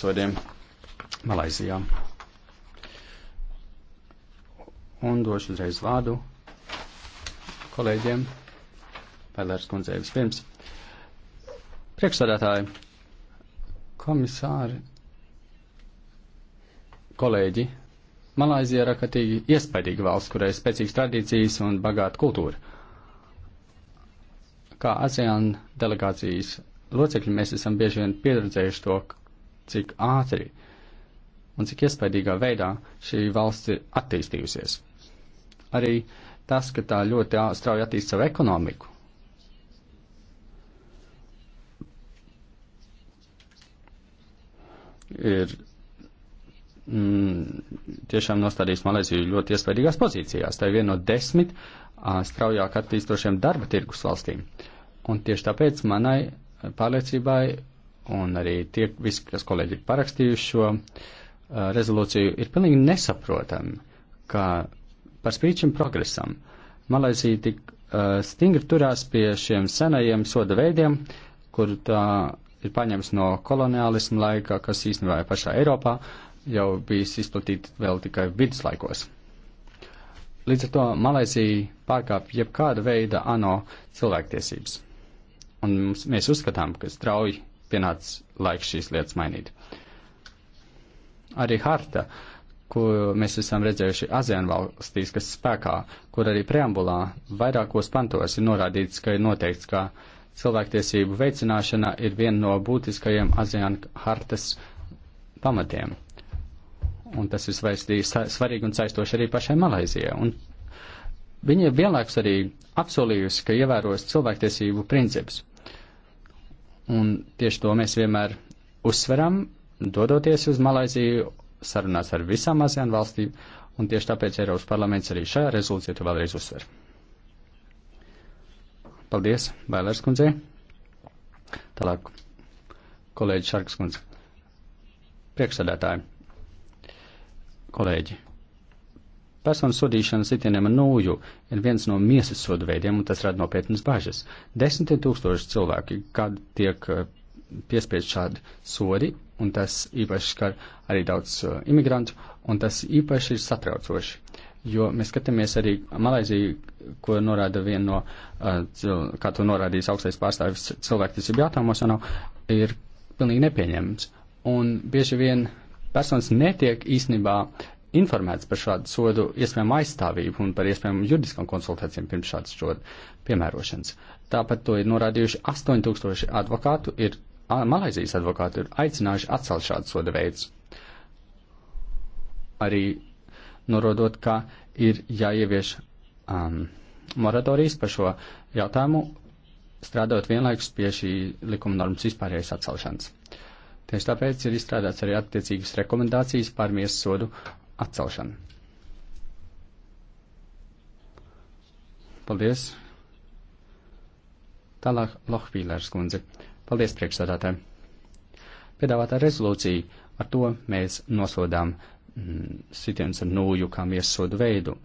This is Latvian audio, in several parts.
sodiem Malaizijā. Un došu uzreiz vārdu kolēģiem. Pailērs kundzei vispirms. Priekšsādātāji, komisāri, kolēģi, Malaizija ir rakatīgi iespaidīga valsts, kurai ir spēcīgas tradīcijas un bagāta kultūra. Kā ASEAN delegācijas locekļi mēs esam bieži vien pieredzējuši to, cik ātri un cik iespaidīgā veidā šī valsts ir attīstījusies. Arī tas, ka tā ļoti strauji attīst savu ekonomiku. Ir mm, tiešām nostādījis Malēziju ļoti iespaidīgās pozīcijās. Tā ir viena no desmit a, straujāk attīstošiem darba tirgus valstīm. Un tieši tāpēc manai pārliecībai un arī tie visi, kas kolēģi ir parakstījuši šo uh, rezolūciju, ir pilnīgi nesaprotami, ka par spīčiem progresam Malaisija tik uh, stingri turās pie šiem senajiem soda veidiem, kur tā ir paņems no koloniālismu laika, kas īstenībā ir pašā Eiropā, jau bijis izplatīta vēl tikai viduslaikos. Līdz ar to Malaisija pārkāp jebkāda veida ANO cilvēktiesības. Un mēs uzskatām, ka strauji pienācis laiks šīs lietas mainīt. Arī harta, ko mēs esam redzējuši ASEAN valstīs, kas spēkā, kur arī preambulā vairākos pantos ir norādīts, ka ir noteikts, ka cilvēktiesību veicināšana ir viena no būtiskajiem ASEAN hartas pamatiem. Un tas ir svarīgi un saistoši arī pašai Malaizijai. Un viņa vienlaikus arī apsolījusi, ka ievēros cilvēktiesību principus. Un tieši to mēs vienmēr uzsveram, dodoties uz Malaiziju, sarunās ar visām ASEAN valstīm, un tieši tāpēc Eiropas parlaments arī šajā rezolūcijā to vēlreiz uzsver. Paldies, Bailers kundzei. Tālāk, kolēģi Šarks kundze. Priekšsēdētāji, kolēģi, Personu sodīšana sitieniem ar nūju ir viens no miesas sodu veidiem, un tas rada nopietnas bažas. Desmit tūkstoši cilvēki, kad tiek eh, piespiest šādi sodi, un tas īpaši skar arī daudz uh, imigrantu, un tas īpaši ir satraucoši. Jo mēs skatāmies arī Malaiziju, ko norāda viena no, uh, kā to norādījis augstais pārstāvis cilvēktiesību jautājumos, ir pilnīgi nepieņemams. Un bieži vien personas netiek īstenībā informēts par šādu sodu iespējamu aizstāvību un par iespējamu juridiskām konsultācijām pirms šādas sodu piemērošanas. Tāpat to ir norādījuši 8000 advokātu, ir, Malaisijas advokāti ir aicinājuši atcelt šādu sodu veids. Arī norodot, ka ir jāievieš um, moratorijas par šo jautājumu, strādājot vienlaikus pie šī likuma normas vispārējais atcelšanas. Tieši tāpēc ir izstrādāts arī attiecīgas rekomendācijas par miesu sodu atcelšanu. Paldies! Tālāk Lohvīlērs kundze. Paldies priekšsādātājiem! Piedāvātā rezolūcija ar to mēs nosodām mm, sitiens ar nūju kā miesodu veidu.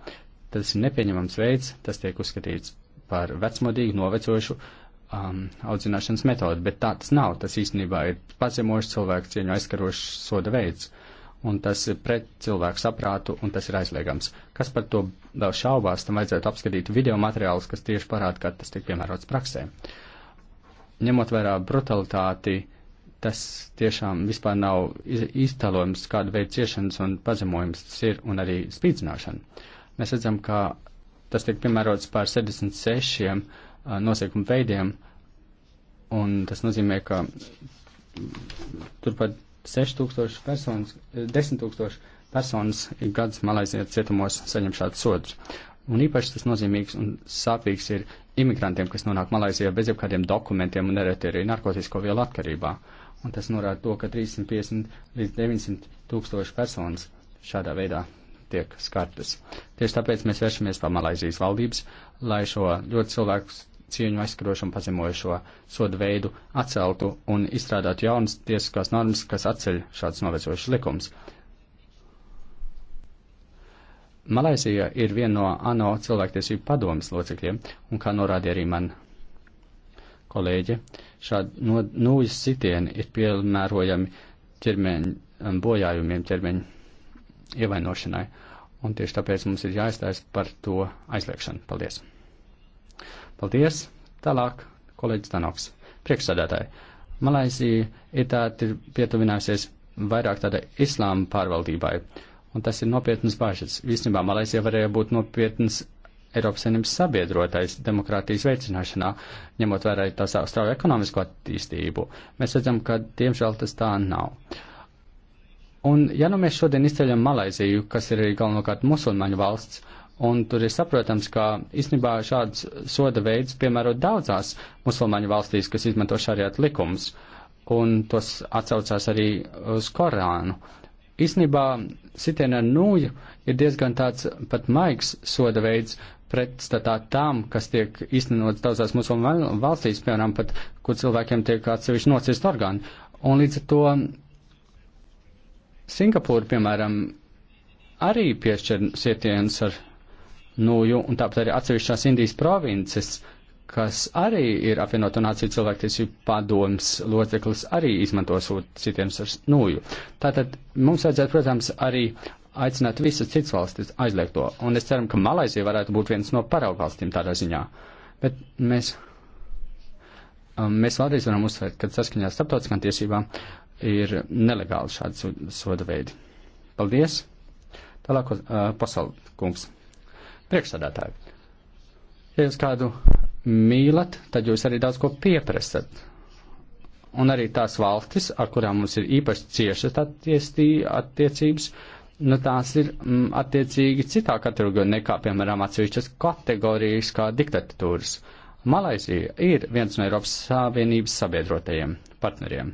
Tas ir nepieņemams veids, tas tiek uzskatīts par vecmodīgu, novecojušu um, audzināšanas metodi, bet tā tas nav. Tas īstenībā ir pazemošs cilvēku cieņu aizkarošs soda veids. Uh, un tas ir pret cilvēku saprātu, un tas ir aizliegams. Kas par to vēl šaubās, tam vajadzētu apskatīt video materiālus, kas tieši parāda, kā tas tiek piemērots praksē. Ņemot vērā brutalitāti, tas tiešām vispār nav iztalojums, kāda veida ciešanas un pazemojums tas ir, un arī spīdzināšana. Mēs redzam, ka tas tiek piemērots pār 76 nosiekumu veidiem, un tas nozīmē, ka turpat 6000 personas, 10 eh, tūkstoši personas ik gads Malaisijā cietumos saņem šādus sodus. Un īpaši tas nozīmīgs un sāpīgs ir imigrantiem, kas nonāk Malaisijā bez jebkādiem dokumentiem un nereti arī narkotisko vielu atkarībā. Un tas norāda to, ka 350 līdz 900 tūkstoši personas šādā veidā tiek skartas. Tieši tāpēc mēs vēršamies pie Malaisijas valdības, lai šo ļoti cilvēkus cieņu aizskarošanu pazemojušo sodu veidu atceltu un izstrādātu jaunas tiesiskās normas, kas atceļ šāds novecojušs likums. Malaisija ir viena no ANO cilvēktiesību padomas locekļiem, un kā norādīja arī man kolēģe, šādi no, nūjas sitieni ir piemērojami ķermeņa um, bojājumiem, ķermeņa ievainošanai, un tieši tāpēc mums ir jāizstājas par to aizliekšanu. Paldies! Paldies! Tālāk, kolēģis Danoks. Priekšsādātāji, Malaisija ir tā ir pietuvinājusies vairāk tādai islāma pārvaldībai, un tas ir nopietnas bažas. Visnībā Malaisija varēja būt nopietnas Eiropas Savienības sabiedrotais demokrātijas veicināšanā, ņemot vērā tā strauju ekonomisko attīstību. Mēs redzam, ka diemžēl tas tā nav. Un ja nu mēs šodien izceļam Malaiziju, kas ir galvenokārt musulmaņu valsts, uh, Un tur ir saprotams, ka īstenībā šāds soda veids piemērot daudzās musulmaņu valstīs, kas izmanto šariet likums, un tos atsaucās arī uz Korānu. Īstenībā sitiena ar nūju ir diezgan tāds pat maigs soda veids pretstatā tam, kas tiek īstenots daudzās musulmaņu valstīs, piemēram, pat, kur cilvēkiem tiek atsevišķi nocirst orgāni. Un līdz ar to Singapūra, piemēram, arī piešķir sitienas ar Nu, jo, un tāpat arī atsevišķās Indijas provinces, kas arī ir apvienoto nāciju cilvēktiesību padoms loceklis, arī izmanto citiem ar nūju. Tātad mums vajadzētu, protams, arī aicināt visas citas valstis aizliegt to. Un es ceru, ka Malaisija varētu būt viens no paraugvalstīm tādā ziņā. Bet mēs, um, mēs vēlreiz varam uzsvērt, ka saskaņā starptautiskām tiesībām ir nelegāli šādi soda veidi. Paldies! Tālāk, uh, pasaulkungs. Priekšsādātāji, ja jūs kādu mīlat, tad jūs arī daudz ko pieprasat. Un arī tās valstis, ar kurām mums ir īpaši ciešas attiecības, nu tās ir m, mm, attiecīgi citā kategorijā nekā, piemēram, atsevišķas kategorijas kā diktatūras. Malaisija ir viens no Eiropas Savienības sabiedrotajiem partneriem.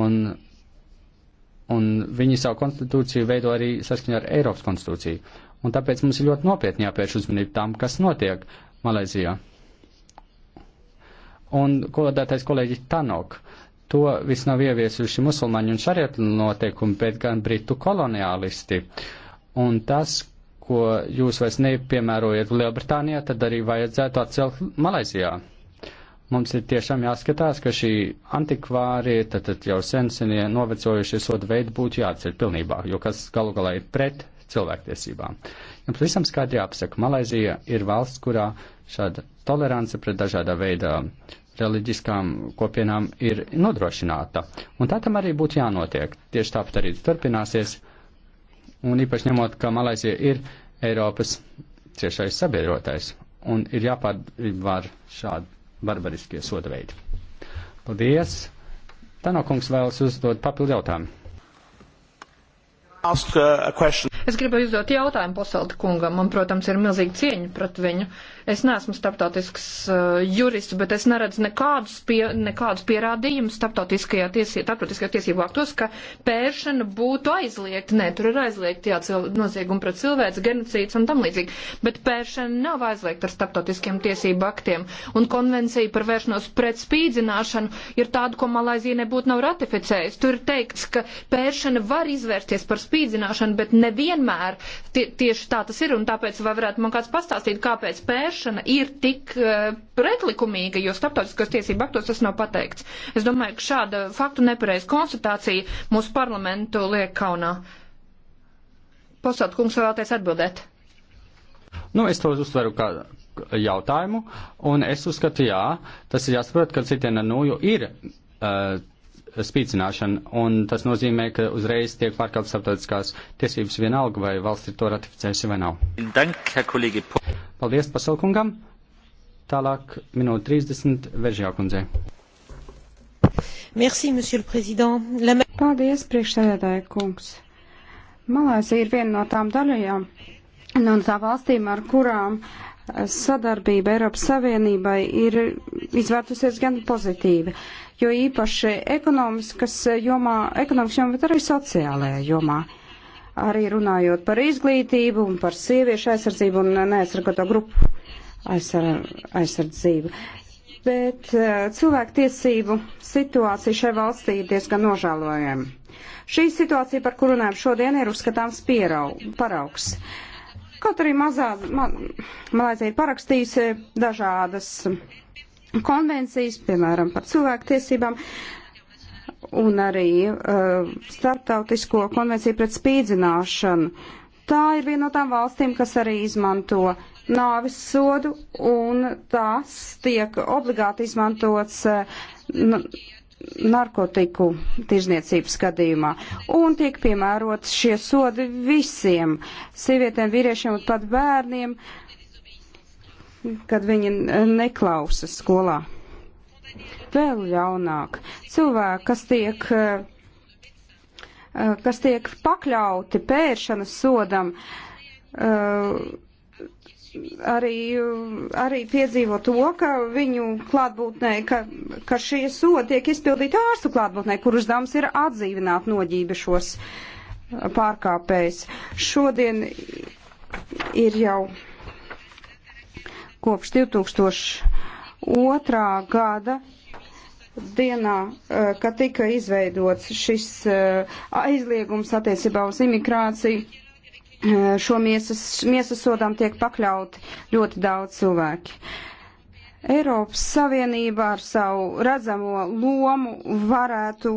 Un, un viņi savu konstitūciju veido arī saskaņā ar Eiropas konstitūciju. Un tāpēc mums ir ļoti nopietni jāpievērš uzmanība tam, kas notiek Malēzijā. Un kolēdētais kolēģi Tanok, to viss nav ieviesuši musulmaņi un šarietu noteikumi, bet gan britu koloniālisti. Un tas, ko jūs vairs nepiemērojat Lielbritānijā, tad arī vajadzētu atcelt Malēzijā mums ir tiešām jāskatās, ka šī antikvārie, tad, tad jau sensenie novecojušie soda veidi būtu jāatceļ pilnībā, jo kas galu galā ir pret cilvēktiesībām. Un pavisam skaidri jāpasaka, Malaizija ir valsts, kurā šāda tolerance pret dažāda veida reliģiskām kopienām ir nodrošināta. Un tā tam arī būtu jānotiek. Tieši tāpat arī turpināsies. Un īpaši ņemot, ka Malaizija ir Eiropas ciešais sabiedrotais un ir jāpārvar šādi barbariskie sodveidi. Paldies! Tanokungs vēlas uzdot papildu jautājumu. Uh, Es gribu uzdot jautājumu Poselta kungam. Man, protams, ir milzīga cieņa pret viņu. Es neesmu starptautisks uh, jurists, bet es neredzu nekādus, pie, nekādus pierādījumus starptautiskajā tiesī, tiesību aktos, ka pēršana būtu aizliegta. Nē, tur ir aizliegta jā, cil, nozieguma pret cilvēks, genocīds un tam līdzīgi. Bet pēršana nav aizliegta ar starptautiskiem tiesību aktiem. Un konvencija par vēršanos pret spīdzināšanu ir tāda, ko Malaizija nebūtu nav ratificējusi. Tur ir teikts, ka pēršana var izvērsties par spīdzināšanu, bet neviena nevienmēr tie, tieši tā tas ir, un tāpēc vai varētu man kāds pastāstīt, kāpēc pēršana ir tik uh, pretlikumīga, jo starptautiskos tiesību aktos tas nav pateikts. Es domāju, ka šāda faktu nepareiz konstatācija mūsu parlamentu liek kaunā. Posāt kungs vēlties atbildēt. Nu, es to uztveru kā jautājumu, un es uzskatu, jā, tas ir jāsaprot, ka citiem ar nūju ir uh, spīdzināšana, un tas nozīmē, ka uzreiz tiek pārkāpt starptautiskās tiesības vienalga, vai valsts ir to ratificējusi vai nav. Dank, Paldies pasaukungam. Tālāk minūte 30 Veržjā kundzē. Merci, monsieur le président. La... Paldies, priekšsēdētāja kungs. Malāzija ir viena no tām daļajām, no tā valstīm, ar kurām uh, sadarbība Eiropas Savienībai ir izvērtusies gan pozitīvi, jo īpaši ekonomiskas jomā, ekonomikas jomā, bet arī sociālajā jomā. Arī runājot par izglītību un par sieviešu aizsardzību un neaizsargāto grupu aizsar, aizsardzību. Bet uh, cilvēktiesību situācija šai valstī ir diezgan nožēlojama. Šī situācija, par kuru runājam šodien, ir uzskatāms pierau, paraugs. Uh, Kaut arī mazā, ma, Malēzija ir parakstījusi eh, dažādas konvencijas, piemēram, par cilvēktiesībām un arī uh, starptautisko konvenciju pret spīdzināšanu. Tā ir viena no tām valstīm, kas arī izmanto nāvis sodu, un tas tiek obligāti izmantots uh, narkotiku tirzniecības gadījumā. Un tiek piemērot šie sodi visiem sievietēm, vīriešiem un pat bērniem, kad viņi neklausa skolā. Vēl ļaunāk. Cilvēki, kas tiek, eh, kas tiek pakļauti pēršanas sodam, uh, arī, arī piedzīvo to, ka viņu klātbūtnē, ka, ka šie sodi tiek izpildīti ārstu klātbūtnē, kur uzdevums ir atdzīvināt noģībušos pārkāpējs. Šodien ir jau kopš 2002. gada dienā, eh, kad tika izveidots šis eh, aizliegums attiecībā uz imigrāciju šo miesas, miesas sodām tiek pakļauti ļoti daudz cilvēki. Eiropas Savienība ar savu redzamo lomu varētu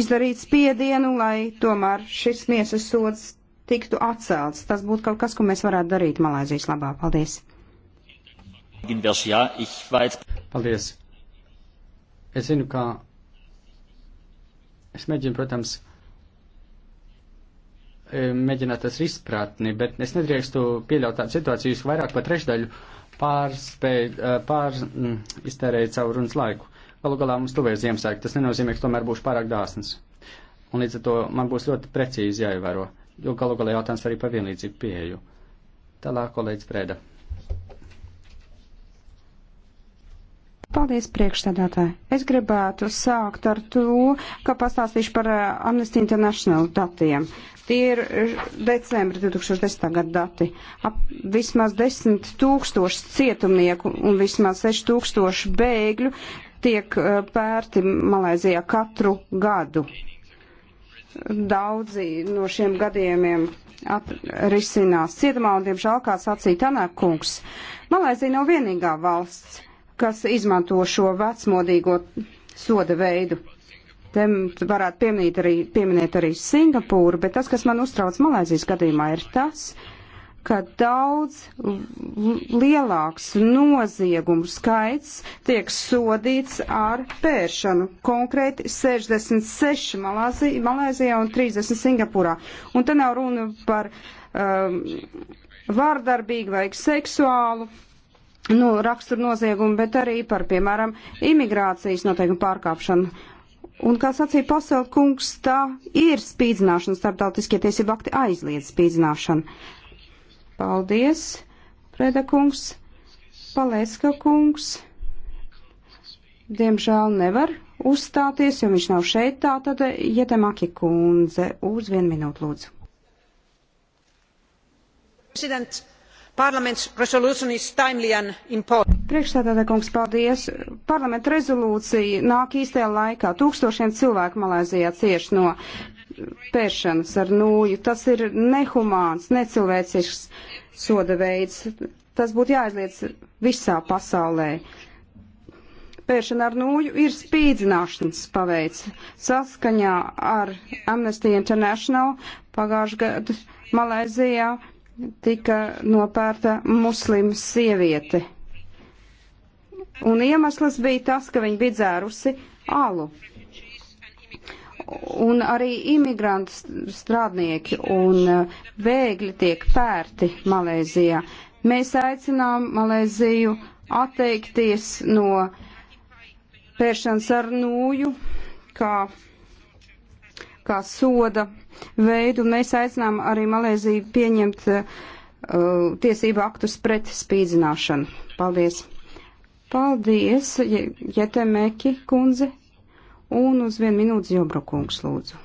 izdarīt spiedienu, lai tomēr šis miesas sods tiktu atcelts. Tas būtu kaut kas, ko mēs varētu darīt Malēzijas labā. Paldies! Paldies! Es zinu, ka es mēģinu, protams, E, mēģināt tas izpratni, bet es nedrīkstu pieļaut tādu situāciju, jūs vairāk par trešdaļu pārspēj, e, pār, m, mm, iztērējat savu runas laiku. Galu galā mums tuvēs Ziemassvētki, tas nenozīmē, ka tomēr būšu pārāk dāsns. Un līdz ar to man būs ļoti precīzi jāievēro, jo galu galā jautājums arī par vienlīdzību pieeju. Tālāk, kolēģis Prēda. Paldies, priekšstādātāji. Es gribētu sākt ar to, ka pastāstīšu par eh, Amnesty International datiem. Tie ir eh, decembra 2010. gada dati. Ap vismaz 10 tūkstoši cietumnieku un vismaz 6 tūkstoši bēgļu tiek eh, pērti Malaizijā katru gadu. Daudzi no šiem gadījumiem atrisinās cietumā, un, diemžēl, kā sacīja Tanākungs, Malaizija nav vienīgā valsts, kas izmanto šo vecmodīgo soda veidu. Te varētu pieminēt arī, pieminēt arī Singapūru, bet tas, kas man uztrauc Malēzijas gadījumā, ir tas, ka daudz lielāks noziegumu skaits tiek sodīts ar pēršanu. Konkrēti 66 Malāzijā, Malāzijā un 30 Singapūrā. Un te nav runa par um, vārdarbīgu vai seksuālu nu, raksturu noziegumu, bet arī par, piemēram, imigrācijas noteikumu pārkāpšanu. Un, kā sacīja Pasaule kungs, tā ir spīdzināšana, starptautiskie tiesību akti aizliedz spīdzināšanu. Paldies, Preda kungs, Paleska kungs. Diemžēl nevar uzstāties, jo viņš nav šeit, tā tad Jetemaki kundze uz vienu minūtu lūdzu. President. Priekšstādātā kungs, paldies. Parlamenta rezolūcija nāk īstajā laikā. Tūkstošiem cilvēku Malēzijā cieš no pēršanas ar nūju. Tas ir nehumāns, necilvēcisks soda veids. Tas būtu jāizliedz visā pasaulē. Pēršana ar nūju ir spīdzināšanas paveids. Saskaņā ar Amnesty International pagājušajā gadā Malēzijā tika nopērta muslim sieviete. Un iemesls bija tas, ka viņa bija dzērusi alu. Un arī imigrantu strādnieki un eh, bēgļi tiek pērti Malēzijā. Mēs aicinām Malēziju atteikties no pēršanas ar nūju, kā kā soda veidu. Mēs aicinām arī Malēziju pieņemt uh, tiesību aktus pret spīdzināšanu. Paldies! Paldies, Jetemeki kundze, un uz vienu minūti Jobrokungs lūdzu.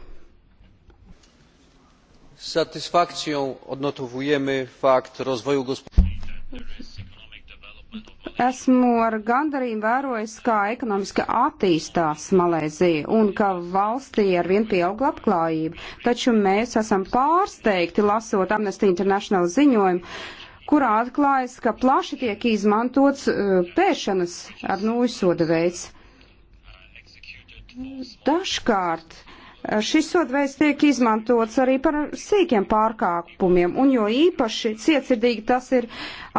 Z satysfakcją odnotowujemy fakt rozwoju gospodarczego Esmu ar gandarījumu vērojis, kā ekonomiski attīstās Malēzija un ka valstī ar vien pieaug labklājība, taču mēs esam pārsteigti lasot Amnesty International ziņojumu, kurā atklājas, ka plaši tiek izmantots uh, pēšanas ar nūjsoda veids. Dažkārt Šis sodveids tiek izmantots arī par sīkiem pārkāpumiem, un jo īpaši cietsirdīgi tas ir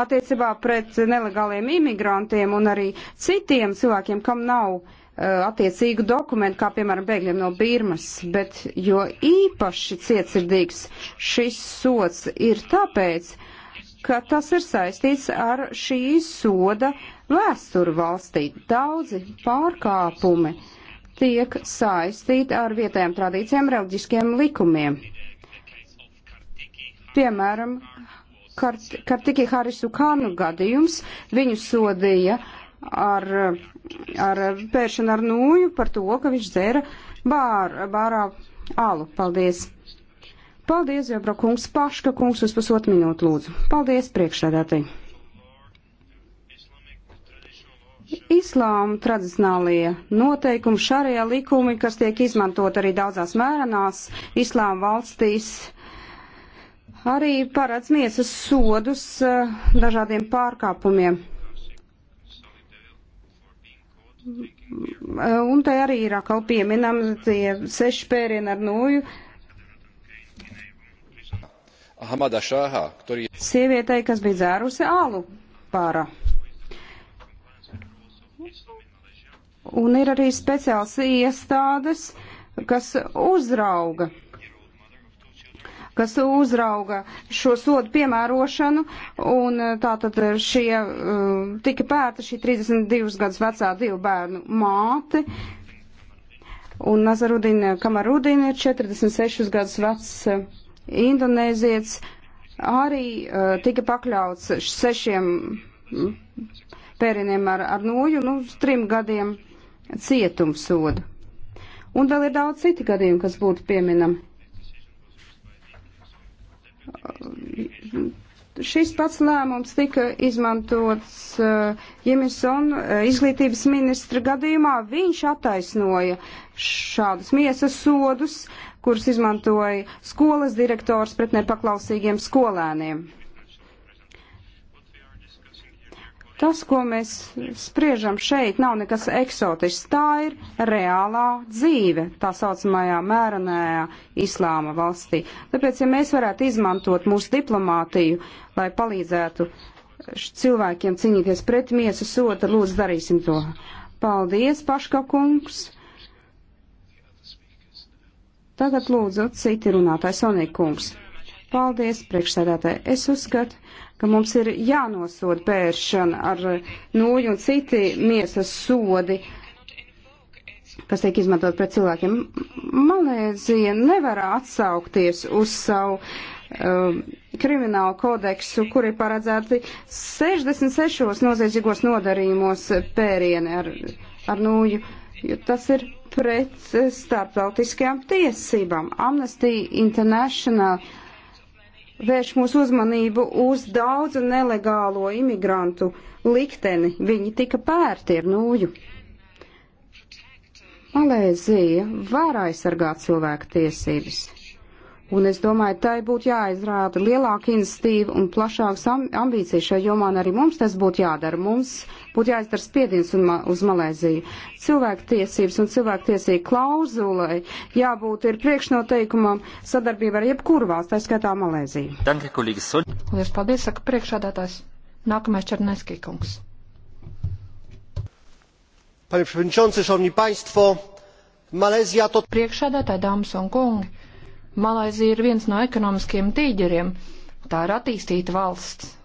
attiecībā pret nelegāliem imigrantiem un arī citiem cilvēkiem, kam nav uh, attiecīgu dokumentu, kā piemēram bēgļiem no Birmas, bet jo īpaši cietsirdīgs šis sots ir tāpēc, ka tas ir saistīts ar šī soda vēsturu valstī. Daudzi pārkāpumi uh, tiek saistīti ar vietējām tradīcijām, reliģiskiem likumiem. Piemēram, Kart, Kartiki Harisu Kanu gadījums, viņu sodīja ar, ar pēršanu ar nūju par to, ka viņš dzēra bār, bārā alu. Paldies! Paldies, Jobra kungs, Paška kungs uz pusotru minūtu lūdzu. Paldies, priekšsēdētāji! Islāma tradicionālie noteikumi, šarajā likumi, kas tiek izmantot arī daudzās mērenās islāma valstīs, arī paredz miesas sodus eh, dažādiem pārkāpumiem. Eh, un te arī ir atkal pieminam tie seši pērieni ar nūju. Hamada Šāhā, kur ir. Sievietei, kas bija dzērusi alu pāra. Un ir arī speciāls iestādes, kas uzrauga kas uzrauga šo sodu piemērošanu, un eh, tātad šie eh, tika pērta šī 32 gadus vecā divu bērnu māte, un Nazarudina Kamarudina ir 46 gadus vecs eh, indonēziets, arī uh, tika pakļauts sešiem mm, pērieniem ar, ar noju, nu, trim gadiem cietumsodu. Un vēl ir daudz citu gadījumu, kas būtu pieminami. Šis pats lēmums tika izmantots uh, eh, Jemisona uh, eh, izglītības ministra gadījumā. Viņš attaisnoja šādus miesas sodus, kurus izmantoja skolas direktors pret nepaklausīgiem skolēniem. Tas, ko mēs spriežam šeit, nav nekas eksotisks. Tā ir reālā dzīve tā saucamajā mērenējā islāma valstī. Tāpēc, ja mēs varētu izmantot mūsu diplomātiju, lai palīdzētu cilvēkiem cīnīties pret miesu sodu, lūdzu, darīsim to. Paldies, Paška kungs! Tagad lūdzu citi runātāji, Sonija kungs. Paldies, priekšsēdētāji. Es uzskatu, ka mums ir jānosoda pēršana ar nūju un citi miesas sodi, kas tiek izmantot pret cilvēkiem. Malēzija nevar atsaukties uz savu um, kriminālu kodeksu, kur ir paredzēti 66 noziedzīgos nodarījumos pērieni ar, ar nūju, jo tas ir pret starptautiskajām tiesībām. Amnesty International vērš mūsu uzmanību uz daudzu nelegālo imigrantu likteni. Viņi tika pērti ar nūju. Malēzija var aizsargāt cilvēku tiesības. Un es domāju, tai būtu jāizrāda lielāka inicitīva un plašākas ambīcijas šajā jomā, un arī mums tas būtu jādara. Mums būtu jāizdara spiediens un, uz Malēziju. Cilvēktiesības un cilvēktiesība klauzulai jābūt ir priekšnoteikumam sadarbība ar jebkuru valsts, tā skaitā Malēziju. Lielas paldies, saka priekšādātājs. Nākamais Černeskij kungs. Panie przewodniczący, szanowni państwo, Malezja to... Priekšādātāji, dāmas un kungi. Malaizija ir viens no ekonomiskiem tīģeriem. Tā ir attīstīta valsts,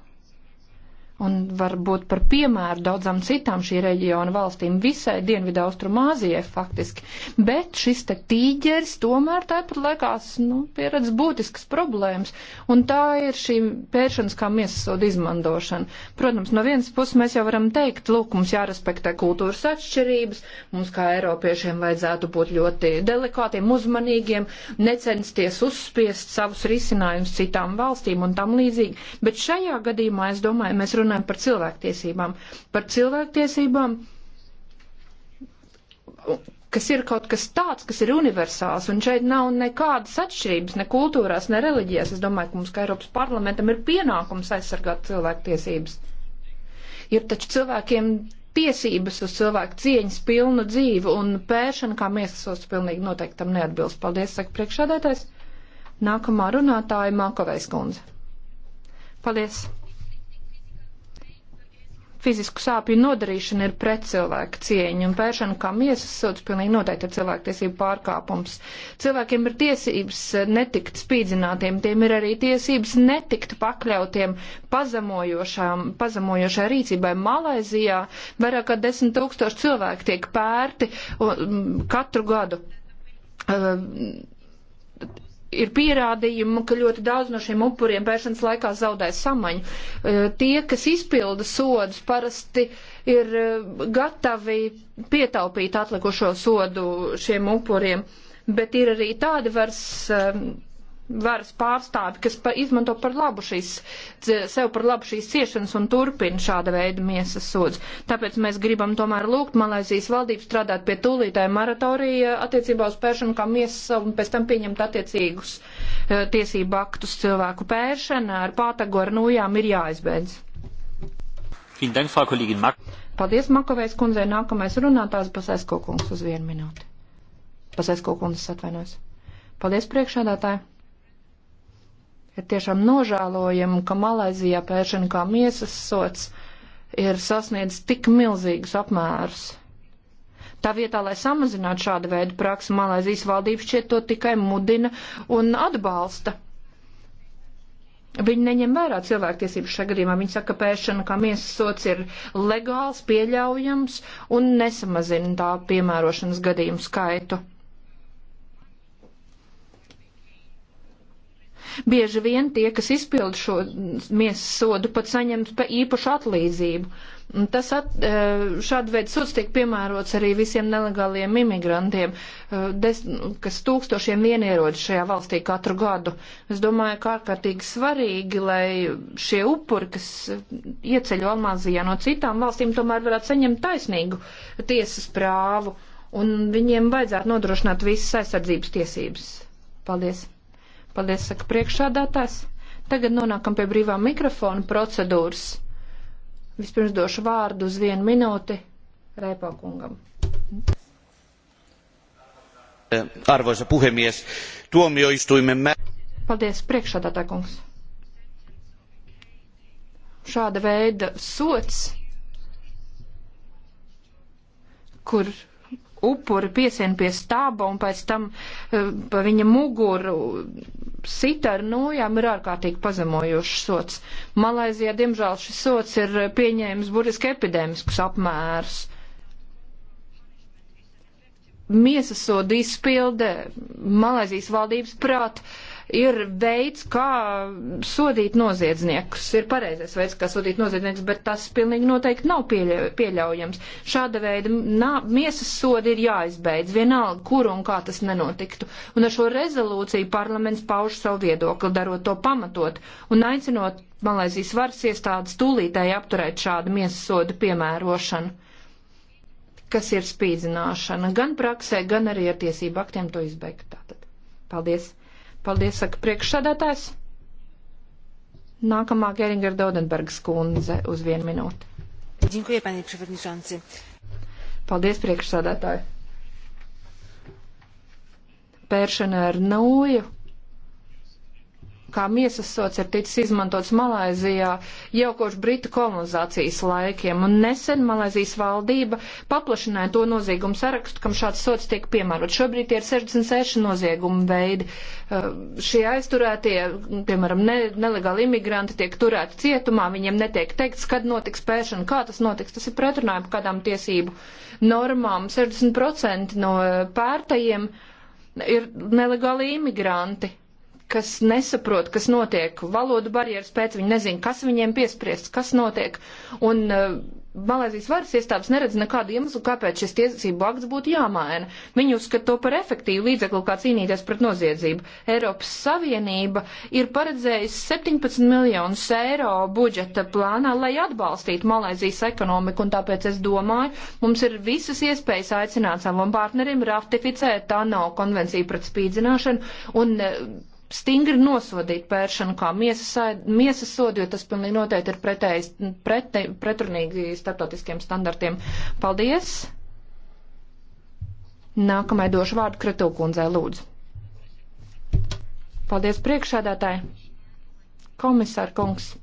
un var būt par piemēru daudzām citām šī reģiona valstīm, visai Dienvidu Austrumāzijai faktiski. Bet šis te tīģeris tomēr tāpat laikās nu, pieredz būtiskas problēmas, un tā ir šī pēršanas kā miesasodu izmantošana. Protams, no vienas puses mēs jau varam teikt, lūk, mums jārespektē kultūras atšķirības, mums kā Eiropiešiem vajadzētu būt ļoti delikātiem, uzmanīgiem, necensties uzspiest savus risinājumus citām valstīm un tam līdzīgi. Bet šajā gadījumā, es domāju, mēs runājam runājam par cilvēktiesībām. Par cilvēktiesībām, kas ir kaut kas tāds, kas ir universāls, un šeit nav nekādas atšķirības ne kultūrās, ne reliģijās. Es domāju, ka mums, kā Eiropas parlamentam, ir pienākums aizsargāt cilvēktiesības. Ir taču cilvēkiem tiesības uz cilvēku cieņas pilnu dzīvi un pēršana kā miesasos pilnīgi noteikti tam neatbilst. Paldies, saka priekšādētais. Nākamā runātāja Mākovais kundze. Paldies! fizisku sāpju nodarīšana ir pret cilvēku cieņu un pēršana kā miesas sots pilnīgi noteikti ir cilvēktiesību pārkāpums. Cilvēkiem ir tiesības netikt spīdzinātiem, tiem ir arī tiesības netikt pakļautiem pazemojošai rīcībai. Malaizijā vairāk kā desmit tūkstoši cilvēki tiek pērti katru gadu. Ehm, ir pierādījumi, ka ļoti daudz no šiem upuriem bēršanas laikā zaudēja samaņu. E, tie, kas izpilda sodus, parasti ir e, gatavi pietaupīt atlikušo sodu šiem upuriem, bet ir arī tādi vairs e, varas pārstāvi, kas pa, izmanto par labu šīs, sev par labu šīs ciešanas un turpina šāda veida miesas sods. Tāpēc mēs gribam tomēr lūgt Malaisijas valdību strādāt pie tūlītāja moratorija attiecībā uz pēršanu kā miesas un pēc tam pieņemt attiecīgus uh, tiesību aktus cilvēku pēršana ar pātagoru nojām ir jāizbeidz. Paldies, Makovējs kundzei. Nākamais runātājs Pasēsko kungs uz vienu minūti. Pasēsko kundzes atvainojas. Paldies, priekšādātāji. Ir tiešām nožēlojami, ka Malaizijā pēršana kā miesas sots ir sasniedzis tik milzīgus apmērus. Tā vietā, lai samazinātu šādu veidu praksi, Malaizijas valdība šķiet to tikai mudina un atbalsta. Viņi neņem vērā cilvēktiesības šajā gadījumā. Viņi saka, ka pēšana kā miesas sots ir legāls, pieļaujams un nesamazina tā piemērošanas gadījumu skaitu. Bieži vien tie, kas izpild šo miesas sodu, pat saņem īpašu atlīdzību. Tas at, e, šāda veida sots tiek piemērots arī visiem nelegāliem imigrantiem, e, des, kas tūkstošiem vien ierodas šajā valstī katru gadu. Es domāju, ka ārkārtīgi svarīgi, lai šie upuri, kas ieceļo Almāzijā no citām valstīm, tomēr varētu saņemt taisnīgu tiesas prāvu, un viņiem vajadzētu nodrošināt visas aizsardzības tiesības. Paldies! Paldies, saka priekšādātājs. Tagad nonākam pie brīvā mikrofona procedūras. Vispirms došu vārdu uz vienu minūti Reipakungam. Arvoisa puhemies, tuomioistuimen mä... Paldies, priekšādātāj kungs. Šāda veida sots, kur upuri piesien pie stāba un pēc tam eh, pa viņa muguru sita ar nojām ir ārkārtīgi pazemojošs sots. Malaizijā, diemžēl, šis sots ir pieņēmis buriski epidēmiskus apmērus. Miesas sodu izpilde Malaizijas valdības prāta ir veids, kā sodīt noziedzniekus. Ir pareizais veids, kā sodīt noziedzniekus, bet tas pilnīgi noteikti nav pieļaujams. Šāda veida nā, miesas sodi ir jāizbeidz, vienalga, kur un kā tas nenotiktu. Un ar šo rezolūciju parlaments pauž savu viedokli, darot to pamatot un aicinot Malaisijas varas iestādes tūlītēji apturēt šādu miesas sodu piemērošanu kas ir spīdzināšana, gan praksē, gan arī ar tiesību aktiem to izbeigt. Tātad. Paldies! Paldies, saka priekšsādātājs. Nākamā Geringer Dodenbergs kundze uz vienu minūti. Dziņkuja, panie priekšsādātāji. Paldies, priekšsādātāji. Pēršana ar nūju kā miesas sots ir ticis izmantots Malaizijā jau kopš Britu kolonizācijas laikiem, un nesen Malaizijas valdība paplašināja to noziegumu sarakstu, kam šāds sots tiek piemērot. Šobrīd tie ir 66 noziegumu veidi. Uh, šie aizturētie, piemēram, ne, nelegāli imigranti tiek turēti cietumā, viņiem netiek teikts, kad notiks pēšana, kā tas notiks. Tas ir pretrunājumi kādām tiesību normām. 60% no uh, pērtajiem ir nelegāli imigranti kas nesaprot, kas notiek. Valodu barjeras pēc viņi nezina, kas viņiem piespriests, kas notiek. Un uh, eh, Malēzijas varas iestādes neredz nekādu iemeslu, kāpēc šis tiesību akts būtu jāmaina. Viņi uzskata to par efektīvu līdzeklu, kā cīnīties pret noziedzību. Eiropas Savienība ir paredzējusi 17 miljonus eiro budžeta plānā, lai atbalstītu Malēzijas ekonomiku, un tāpēc es domāju, mums ir visas iespējas aicināt savam partnerim ratificēt ANO konvenciju pret spīdzināšanu un eh, stingri nosodīt pēršanu kā miesas, miesas sodu, jo tas pilnīgi noteikti ir pretējs, pret, pretrunīgi starptautiskiem standartiem. Paldies! Nākamai došu vārdu Kretūkundzei, lūdzu. Paldies priekšādātāji! Komisār kungs!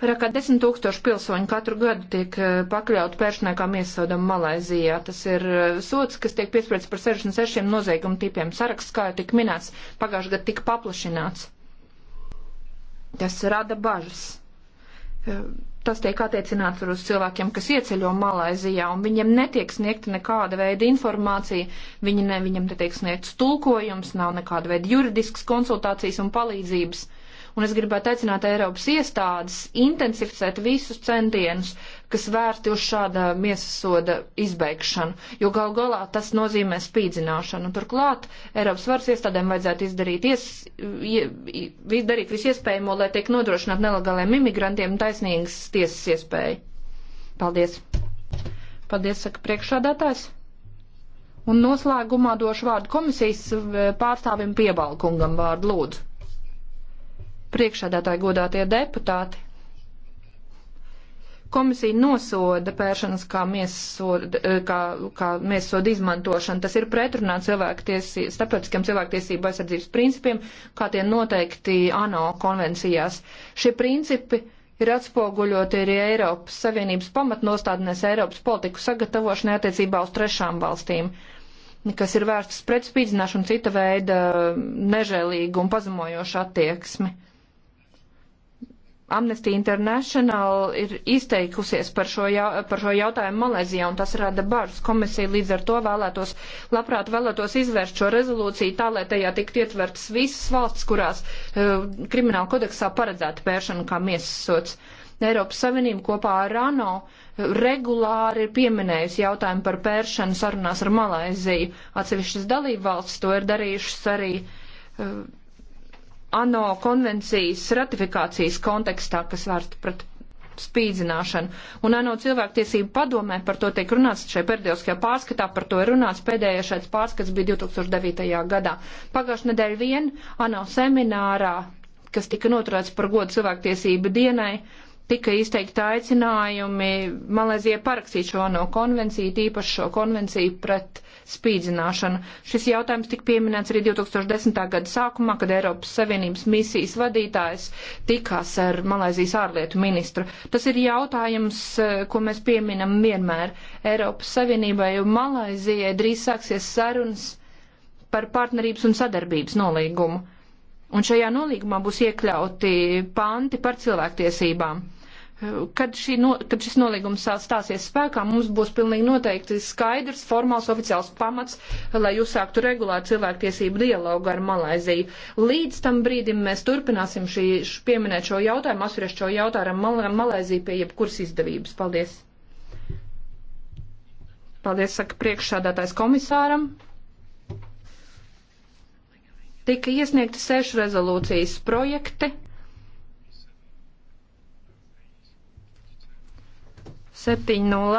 Vairāk kā desmit tūkstoši pilsoņu katru gadu tiek eh, pakļauti pēršniekām iesodam Malaizijā. Tas ir eh, sots, kas tiek piespriedz par 66 noziegumu tipiem. Saraksts, kā jau tik minēts, pagājušajā gadā tika paplašināts. Tas rada bažas. Eh, tas tiek attiecināts uz cilvēkiem, kas ieceļo Malaizijā, un viņiem netiek sniegta nekāda veida informācija, viņi ne, viņam netiek sniegts tulkojums, nav nekāda veida juridiskas konsultācijas un palīdzības Un es gribētu aicināt Eiropas iestādes intensificēt visus centienus, kas vērsti uz šāda miesas soda izbeigšanu, jo gal galā tas nozīmē spīdzināšanu. Turklāt Eiropas varas iestādēm vajadzētu izdarīt, ies, izdarīt visu iespējamo, lai tiek nodrošināt nelegāliem imigrantiem taisnīgas tiesas iespēju. Paldies! Paldies, saka priekšādātājs. Un noslēgumā došu vārdu komisijas eh, pārstāvim Piebalkungam vārdu lūdzu priekšādātāji godātie deputāti. Komisija nosoda pēršanas kā miesoda, eh, kā, kā miesoda izmantošanu. Tas ir pretrunā cilvēktiesī, starptautiskiem cilvēktiesību aizsardzības principiem, kā tie noteikti ANO konvencijās. Šie principi ir atspoguļoti arī Eiropas Savienības pamatnostādnēs Eiropas politiku sagatavošanai attiecībā uz trešām valstīm kas ir vērstas pret spīdzināšanu, cita veida nežēlīgu un pazemojošu attieksmi. Amnesty International ir izteikusies par šo, jā, par šo jautājumu Malēzijā, un tas rada bažas komisija. Līdz ar to vēlētos, labprāt vēlētos izvērst šo rezolūciju tā, lai tajā tiktu ietverts visas valsts, kurās uh, krimināla kodeksā paredzēta pēršana kā miesas sots. Eiropas Savienība kopā ar ANO e, regulāri ir pieminējusi jautājumu par pēršanu sarunās ar Malēziju. Atsevišķas dalību valsts to ir darījušas arī. Uh, ANO konvencijas ratifikācijas kontekstā, kas vērsta pret spīdzināšanu. Un ANO cilvēktiesību padomē par to tiek runāts šai periodiskajā pārskatā, par to ir runāts pēdējais šāds pārskats bija 2009. gadā. Pagājušajā nedēļ vien ANO seminārā, kas tika noturēts par godu cilvēktiesību dienai, uh, tika izteikti aicinājumi Malēzijai parakstīt šo no konvenciju, tīpaši šo konvenciju pret spīdzināšanu. Šis jautājums tika pieminēts arī 2010. gada sākumā, kad Eiropas Savienības misijas vadītājs tikās ar Malēzijas ārlietu ministru. Tas ir jautājums, eh, ko mēs pieminam vienmēr Eiropas Savienībai, jo Malēzijai drīz sāksies sarunas par partnerības un sadarbības nolīgumu. Un šajā nolīgumā būs iekļauti panti par cilvēktiesībām. Kad, no, kad šis nolīgums stāsies spēkā, mums būs pilnīgi noteikti skaidrs, formāls, oficiāls pamats, lai uzsāktu regulāru cilvēktiesību dialogu ar Malaiziju. Līdz tam brīdim mēs turpināsim šī, š, pieminēt šo jautājumu, asuriešķo šo jautājumu Mal Malaiziju pie jebkuras izdevības. Paldies! Paldies, saka priekšsādātājs komisāram. Tika iesniegti sešu rezolūcijas projekti. 7.0.